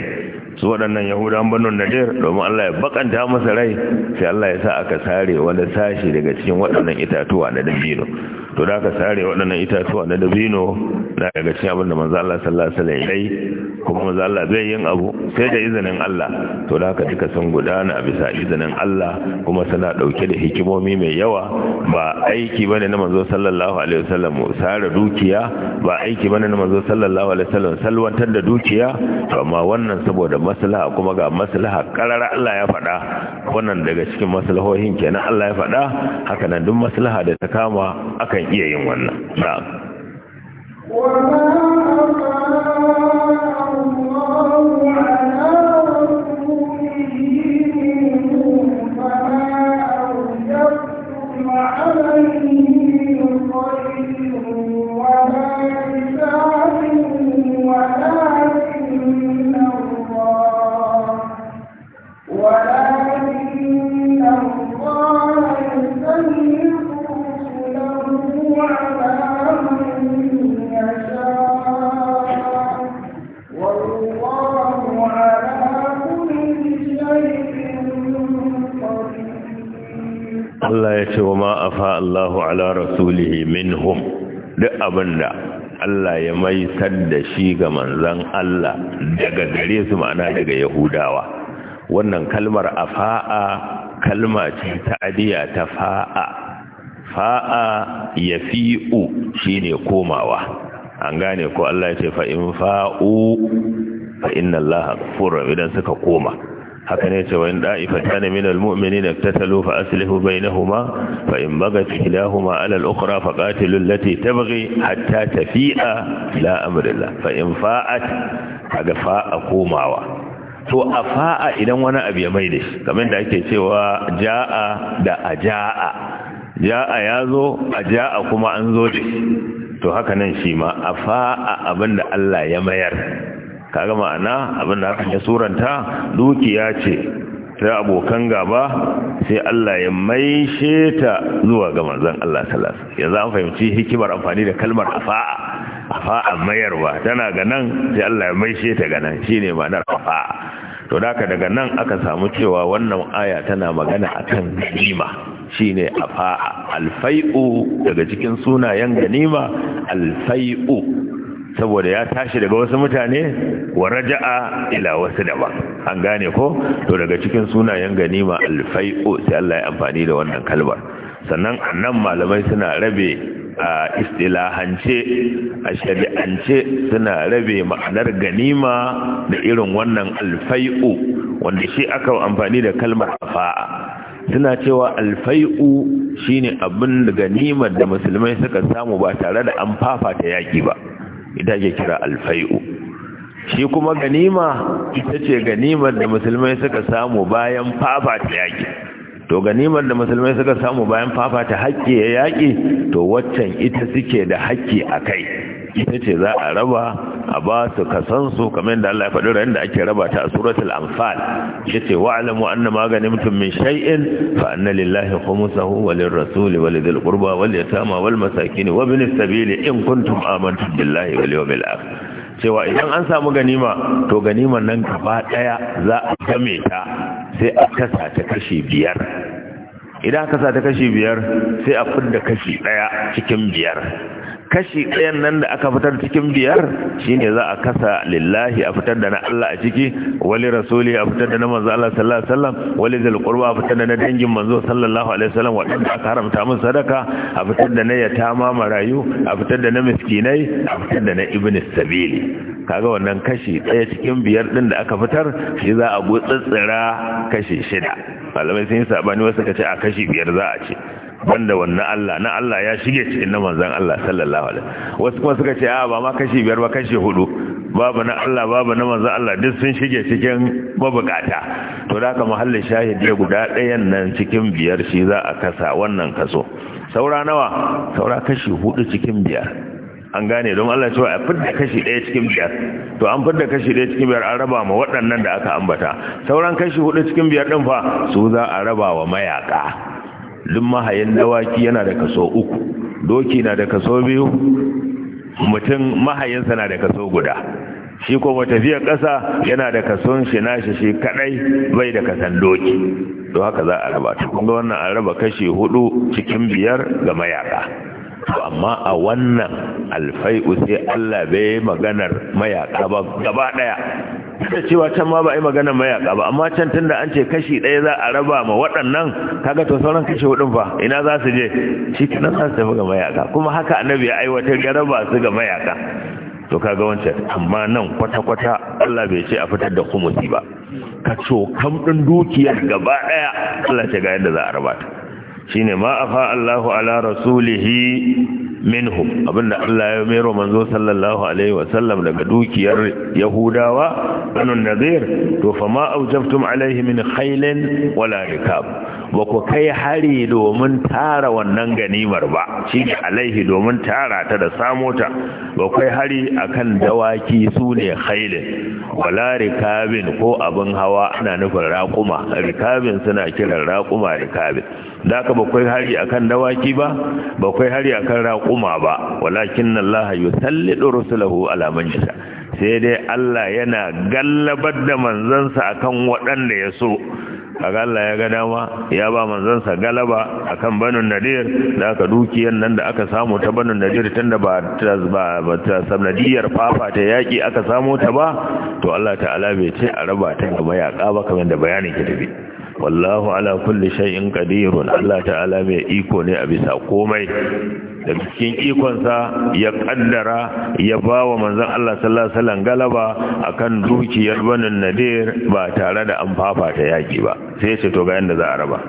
su waɗannan yahudan banu nadir domin Allah ya bakanta masa rai sai Allah ya sa aka sare wani sashi daga cikin waɗannan itatuwa na dabino to da aka sare waɗannan itatuwa na dabino da daga cikin abin da manzo Allah sallallahu alaihi wasallam kuma manzo Allah bai yin abu sai da izinin Allah to da aka duka san gudana a bisa izinin Allah kuma suna dauke da hikimomi mai yawa ba aiki bane na manzo sallallahu alaihi wasallam sare dukiya ba aiki bane na manzo sallallahu alaihi wasallam salwantar da dukiya amma wannan saboda maslaha kuma ga maslaha karara Allah ya faɗa wannan daga cikin maslahohin kenan Allah ya faɗa haka nan duk maslaha da ta kama akan yakan iya yin wannan na'am Thank you. Allah ya ce wa ma Allahu ala rasulihi minhum duk abinda Allah ya mai da shi ga manzan Allah daga gare su ma'ana daga Yahudawa wannan kalmar afa'a kalma ce ta adiya ta fa'a fa'a ya fi'u shi ne komawa an gane ko Allah ya ce fa'in fa'u fa’in Allah Allah ghafurun idan suka koma haka ne cewa in da'ifatan min almu'minin iktatalu fa aslihu bainahuma fa in bagat ihdahuma ala al-ukhra fa qatilu allati tabghi hatta tafi'a ila amrillah fa in fa'at fa'a komawa to a fa'a idan wani abu ya mai da shi kamar da ake cewa ja'a da aja'a ja'a ya zo aja'a kuma an zo da shi to haka nan shi ma a fa'a abin da Allah ya mayar kaga ma'ana abin da aka yi suranta dukiya ce ta abokan gaba sai Allah ya maishe ta zuwa ga manzon Allah sallallahu alaihi wasallam yanzu an fahimci hikimar amfani da kalmar afa'a afa'a mayarwa tana ga nan sai Allah ya maishe ta ga nan shine ma'anar afa'a to daka daga nan aka samu cewa wannan aya tana magana akan ganima shine afa'a alfai'u daga cikin sunayen ganima alfai'u saboda ya tashi daga wasu mutane wa raja'a ila wasu daban an gane ko to daga cikin sunayen ganima alfai'u sai Allah ya amfani da wannan kalmar sannan annan malamai suna rabe a istilahance a shari'ance suna rabe ma'anar ganima da irin wannan alfai'u wanda shi aka amfani da kalmar afa'a suna cewa alfai'u shine abin ganimar da musulmai suka samu ba tare da an fafata yaki ba ita ke kira alfai'u shi kuma ganima ita ce ganimar da musulmai suka samu bayan fafa ta yaƙi to ganimar da musulmai suka samu bayan fafa ta haƙƙi ya yaƙi to waccan ita suke da haƙƙi a kai ita ce za a raba a ba su kasansu kamar da Allah ya faɗi ran da ake raba ta a suratul anfal yace wa'lamu anna ma ganimtum min shay'in fa anna lillahi khumsahu wa lirrasuli wa lidhil qurba wal yatama wal masakin wa bin sabili in kuntum amantum billahi wal yawmil akhir cewa idan an samu ganima to ganiman nan gaba daya za a game ta sai a kasa ta kashi biyar idan aka sa ta kashi biyar sai a fidda kashi daya cikin biyar kashi ɗayan nan da aka fitar cikin biyar shine za a kasa lillahi a fitar da na Allah a ciki wali rasuli a fitar da na manzo Allah sallallahu alaihi wasallam wali zal qurba a fitar da na dangin manzo sallallahu alaihi wasallam wadanda aka haramta mun sadaka a fitar da na yatama marayu a fitar da na miskinai a fitar da na ibnu sabili kaga wannan kashi ɗaya cikin biyar ɗin da aka fitar shi za a gutsitsira kashi shida malamai sun yi sabani wasu ka ce a kashi biyar za a ce banda wannan Allah na Allah ya shige cikin na manzon Allah sallallahu alaihi wasu kuma suka ce a ah, ba ma kashi biyar ba kashi hudu babu na Allah babu na manzon Allah duk sun shige cikin mabukata to da ka mahallin shahidi guda ɗayan nan cikin biyar shi za a kasa wannan kaso saura nawa saura kashi hudu cikin biyar an gane don Allah cewa a fidda kashi ɗaya cikin biyar to an fidda kashi ɗaya cikin biyar an raba ma waɗannan da aka ambata sauran kashi hudu cikin biyar ɗin fa su za a raba wa mayaka duk mahayin dawaki yana da kaso uku doki na da kaso biyu mutum mahayinsa na da kaso guda shi ko tafiyar ƙasa yana da kason shi nashi shi kadai bai da kasan doki don haka za a raba ta kuma wannan an raba kashi hudu cikin biyar ga mayaka to amma a wannan alfai'u sai Allah bai maganar mayaka ba gaba daya da cewa can ma ba yi maganar mayaka ba amma can tunda an ce kashi daya za a raba ma waɗannan kaga to sauran kashi hudun fa ina za su je shi kenan za su tafi ga mayaka kuma haka annabi ya aiwatar ya raba su ga mayaka to kaga wancan amma nan kwata-kwata Allah bai ce a fitar da kumusi ba ka kam ɗin dukiyar gaba ɗaya Allah ce ga yadda za a raba ta shine ma afa Allahu ala rasulihi minhu abinda Allah ya mero manzo sallallahu alaihi wa sallam daga dukiyar yahudawa banu to fa ma alaihi min khailin wala rikab ba ku kai hari domin tara wannan ganimar ba shi alaihi domin tara ta da samo ta ba kai hari akan dawaki su ne khailin wala rikabin ko abin hawa ana nufin raƙuma rikabin suna kiran raƙuma rikabin da ka ba kai hari akan dawaki ba ba kai hari akan raƙuma ba walakin Allah yusallidu rusulahu ala man yasha sai dai Allah yana gallabar da manzansa akan waɗanda ya so kaga Allah ya ga dama ya ba manzansa galaba akan banu nadir da aka dukiyar nan da aka samu ta banu nadir tunda ba ba ta sanadiyyar fafa ta yaki aka samu ta ba to Allah ta'ala bai ce a raba ta ga mayaka ba kamar da bayanin ke wallahu ala kulli shay'in qadirun Allah ta'ala mai iko ne a bisa komai da cikin ikonsa ya kaddara ya bawa manzon Allah sallallahu alaihi wasallam galaba akan dukiyar banin nadir ba tare da an fafa ta yaki ba sai ce to ga yanda za a raba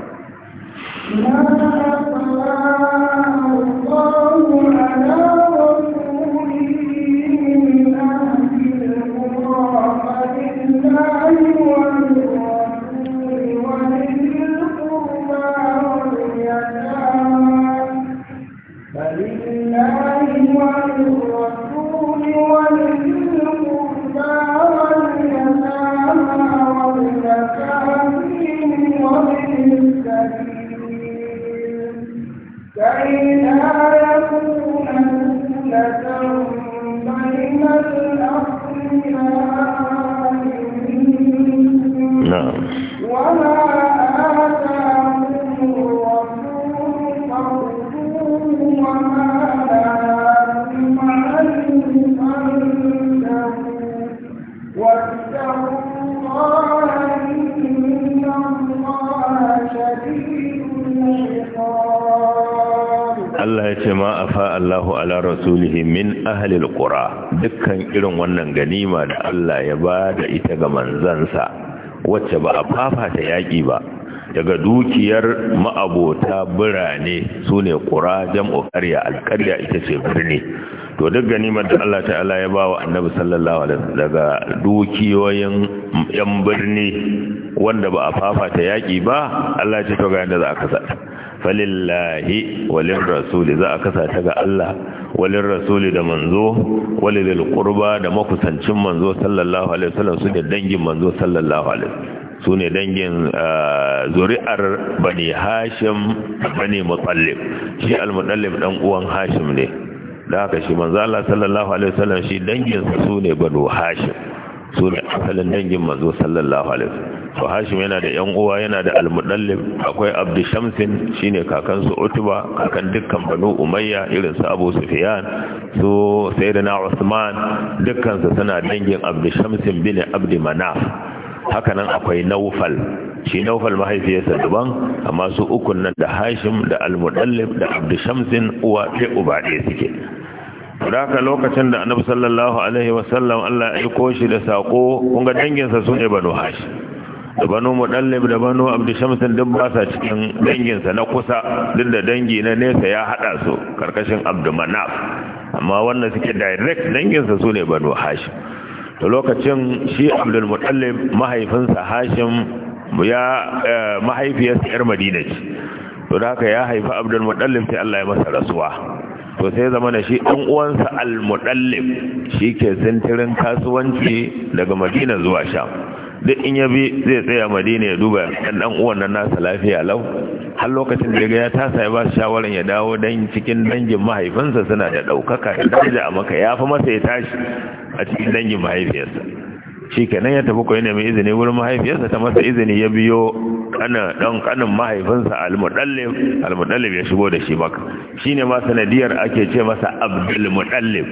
Allahu ala rasulihi min ahlil qura dukkan irin wannan ganima da Allah ya ba da ita ga manzansa wacce ba a fafata yaki ba daga dukiyar ma'abota birane sune qura jam'u qarya alqarya ita ce birni to duk ganimar da Allah ta'ala ya ba wa annabi sallallahu alaihi wasallam daga dukiyoyin yan birni wanda ba a fafata yaki ba Allah ya ce to ga yanda za ka sa falillahi walin rasuli za a kasa ta ga Allah walin rasuli da manzo walil qurba da makusancin manzo sallallahu alaihi wasallam su ne dangin manzo sallallahu alaihi su ne dangin ah, zuri'ar bani hashim bani mutallib shi al-mutallib dan uwan hashim ne da haka shi manzo Allah sallallahu alaihi wasallam shi dangin su ne banu hashim su ne asalin dangin manzo sallallahu alaihi wasallam to hashim yana da yan uwa yana da almudallim akwai abdu shamsin shine kakan su utba kakan dukkan banu umayya irin su abu sufyan su sayyidina usman dukkan su suna dangin abdu shamsin bin abd manaf hakanan akwai naufal shi naufal mahaifiyarsa daban amma su ukun nan da hashim da almudallim da abdu shamsin uwa ke uba ɗaya suke Daka lokacin da annabi sallallahu alaihi wasallam Allah ya yi koshi da sako kun ga danginsa su ne banu hashim da banu mudallib da banu abdu shamsin duk ba sa cikin danginsa na kusa duk da dangi na nesa ya hada su karkashin abdu manaf amma wannan suke direct danginsa su ne banu hashim to lokacin shi abdul mudallib mahaifinsa hashim ya eh, mahaifiyarsa yar madina ce to da haka ya haifi abdul mudallib sai Allah ya masa rasuwa to sai zama na shi ɗan uwansa al-mudallib shi ke sintirin kasuwanci daga madina zuwa sham duk in ya bi zai tsaya madina ya duba ɗan ɗan uwan nan nasa lafiya lau har lokacin da ya tasa ya ba shi shawarar ya dawo dan cikin dangin mahaifinsa suna da ɗaukaka da daraja a maka ya fi masa ya tashi a cikin dangin mahaifiyarsa shi kenan ya tafi koyi mai izini wurin mahaifiyarsa ta masa izini ya biyo ɗan kanin mahaifinsa almudallib almudallib ya shigo da shi baka shi ne ma sanadiyar ake ce masa abdulmudallib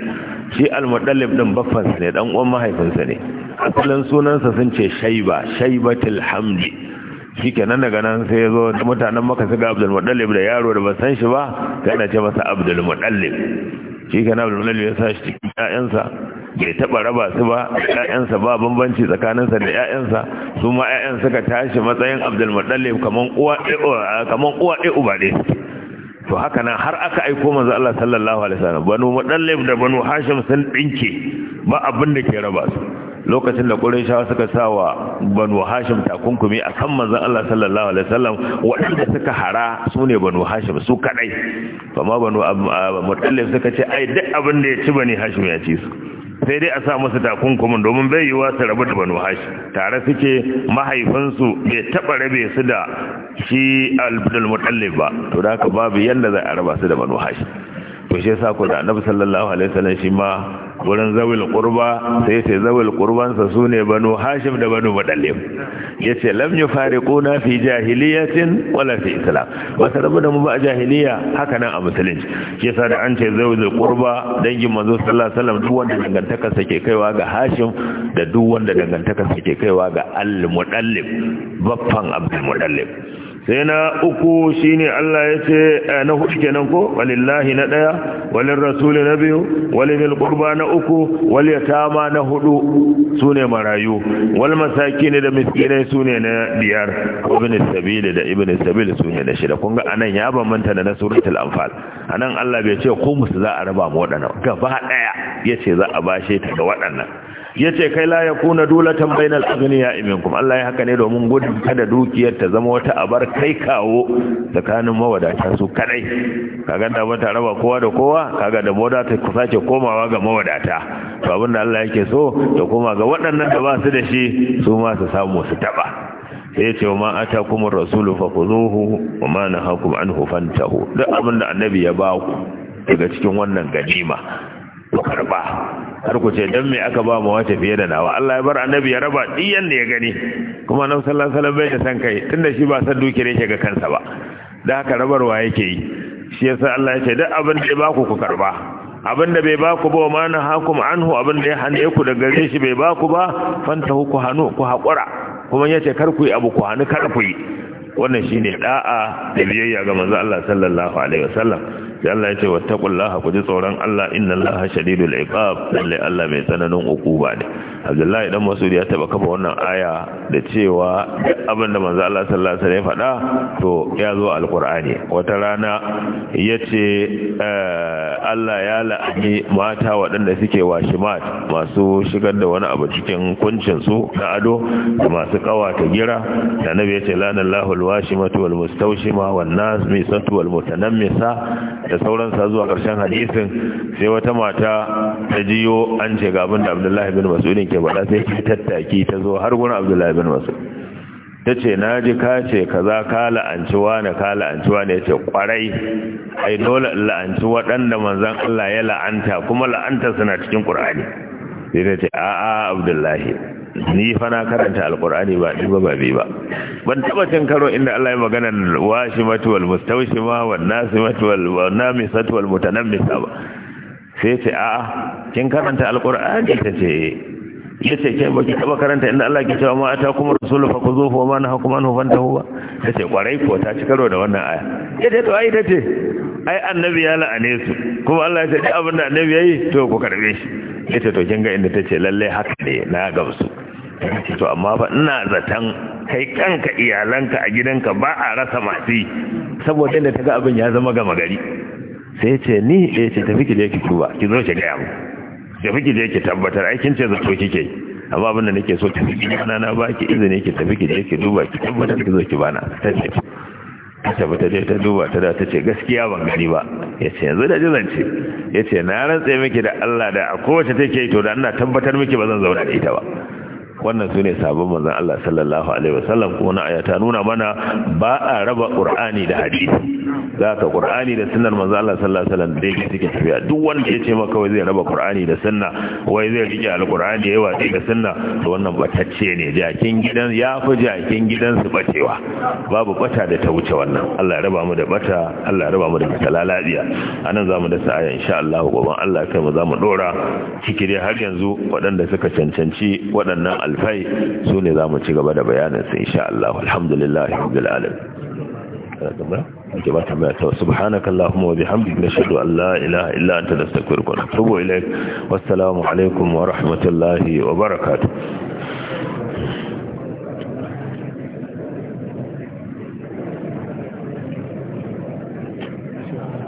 shi almudallib ɗin baffansa ne ɗan uwan mahaifinsa ne asalin sunansa sun ce shaiba shaibatul hamdi shi kenan daga nan sai ya zo da mutanen maka su ga abdulmudallib da yaro da ba san shi ba sai ce masa abdulmudallib shi kenan abdulmudallib ya sa shi cikin ƴaƴansa bai taba raba su ba ƴaƴansa ba bambanci tsakaninsa da ƴaƴansa su ma ƴaƴan suka tashi matsayin Abdul Muttalib kaman uwa kaman uwa ɗaya uba ɗaya to haka nan har aka aiko manzo Allah sallallahu alaihi wasallam banu Muttalib da banu Hashim sun dinke ba abin da ke raba su lokacin da Qurayshawa suka sawa banu Hashim takunkumi kan manzo Allah sallallahu alaihi wasallam waɗanda suka hara su ne banu Hashim su kadai amma banu Muttalib suka ce ai duk abin da ya ci bani Hashim ya ci su sai dai a sa masu takunkumin domin bai yiwa su rabu da banu hashi tare suke mahaifinsu bai taɓa rabe su da shi abdul mutallin ba to da ka babu yadda zai a raba su da banu hashi to shi sa ku da annabi sallallahu alaihi wasallam shi ma wurin zawil kurba sai ce zawil qurbansa sune banu hashim da banu mudallib yace lam yufariquna fi jahiliyatin wala fi islam ba ta rabu da mu ba a jahiliya haka nan a musulunci yasa da an ce zawil qurba dangin manzo sallallahu alaihi wasallam duk wanda dangantaka sake kaiwa ga hashim da duk wanda dangantaka sake kaiwa ga al mudallib baffan abdul mudallib sai na uku shine Allah ya ce eh, na hudu kenan ko walillahi na daya walin rasuli na biyu walin qurba na uku wal yatama na hudu sune marayu wal masakin da miskinai sune na biyar ibn sabil da ibn sabil sune na shida kun ga anan ya bambanta da na suratul anfal anan Allah bai ce ko musu za a raba mu waɗannan gaba ɗaya yace za a bashe ta ga waɗannan Yace kai la ya dulatan bainal agniya iminkum Allah ya haka ne domin gudun kada dukiyar ta zama wata abar kai kawo tsakanin mawadata su kadai kaga da mata raba kowa da kowa kaga da mawadata ku sace komawa ga mawadata to abinda Allah yake so ya koma ga waɗannan da ba su da shi su ma su samu su taba sai ce wa ma kuma rasulu fakhuzuhu wa ma nahakum anhu fantahu duk abinda annabi ya ba ku daga cikin wannan ganima ku karba har ku ce dan me aka ba mu wace fiye da nawa Allah ya bar annabi ya raba diyan da ya gani kuma nan sallallahu alaihi wasallam bai da san kai tunda shi ba san duke yake ga kansa ba da haka rabarwa yake yi shi yasa Allah ya ce duk abin da ya ba ku ku karba abin da bai ba ku ba ma na hakum anhu abin da ya hane ku da gare shi bai ba ku ba fanta ku hanu ku haƙura kuma yace kar ku yi abu ku hani kar ku yi wannan shine ɗa'a da biyayya ga manzo Allah sallallahu alaihi wasallam sai Allah yace wattaqullaha ku ji tsoron Allah innallaha shadidul iqab lalle Allah mai tsananin uku ne abdullahi dan masud ya taba kafa wannan aya da cewa abin da manzo Allah sallallahu alaihi wasallam ya faɗa to ya zo alqur'ani wata rana yace eh, Allah ya la'ani mata waɗanda suke washimat masu shigar da wani abu cikin kuncin su na ado da masu ta gira da nabi yace lanallahu alwashimatu walmustawshima wannas misatu walmutanammisa da sauran sa zuwa ƙarshen hadisin sai wata mata ta jiyo an ce ga abin da Abdullahi bin Mas'udin take bada sai ta tattaki ta zo har gurin abdullahi bin mas'ud ta ce na ji ka ce kaza ka la'anci na ka la'anci ne. ya ce kwarai ai dole la'anci waɗanda manzan Allah ya la'anta kuma la'anta suna cikin ƙur'ani sai ta ce a'a abdullahi ni fa na karanta alƙur'ani ba ni ba bi ba ban taɓa cin karo inda Allah ya magana washi matuwal ma wa nasi matuwal wan nami satwal mutanabbisa ba sai ce a'a kin karanta alƙur'ani ta ce yace kai baki taba karanta inda Allah ke cewa ma ata kuma rasulu fa kuzufu wa ma nahakum anhu fantahu ba yace kwarai ko ta ci da wannan aya yace to ai tace ai annabi ya la'ane su kuma Allah ya ce abin da annabi yayi to ku karbe shi yace to kin inda tace lalle haka ne na gamsu to amma fa ina zatan kai kanka iyalanka a gidanka ba a rasa masu saboda inda ta ga abin ya zama gama gari sai ce ni ya ce tafi ki je ki duba ki zo ki gaya mu tafi ki je ki tabbatar aikin ce zato kike amma abin da nake so tafi yana na na baki izini ki tafi ki je ki duba ki tabbatar ki zo ki bana ta ce ta tabbatar dai ta duba ta da ta ce gaskiya ban gani ba ya ce yanzu da jizance ya ce na rantse miki da Allah da a kowace take yi to da ina tabbatar miki ba zan zauna da ita ba wannan su ne sabon manzon Allah sallallahu alaihi wasallam kuma na aya ta nuna mana ba a raba ƙur'ani da hadisi ka ƙur'ani da sunan manzon Allah sallallahu alaihi wasallam da yake cikin tafiya duk wanda ya ce maka wai zai raba ƙur'ani da sunna wai zai rike alqur'ani yayi watsi da sunna to wannan batacce ne jakin gidan ya fi jakin gidan su bacewa babu bata da ta wuce wannan Allah ya raba mu da bata Allah ya raba mu da kala lafiya anan zamu da sa'a insha Allah gobe Allah kai mu za mu dora cikin har yanzu waɗanda suka cancanci waɗannan al sulfai su ne za mu ci gaba da bayaninsu insha Allah alhamdulillahi rabbil alamin kuma tambaya ta subhanaka allahumma wa bihamdika nashhadu an la ilaha illa anta nastaghfiruka wa atubu ilaik wassalamu alaikum wa rahmatullahi wa barakatuh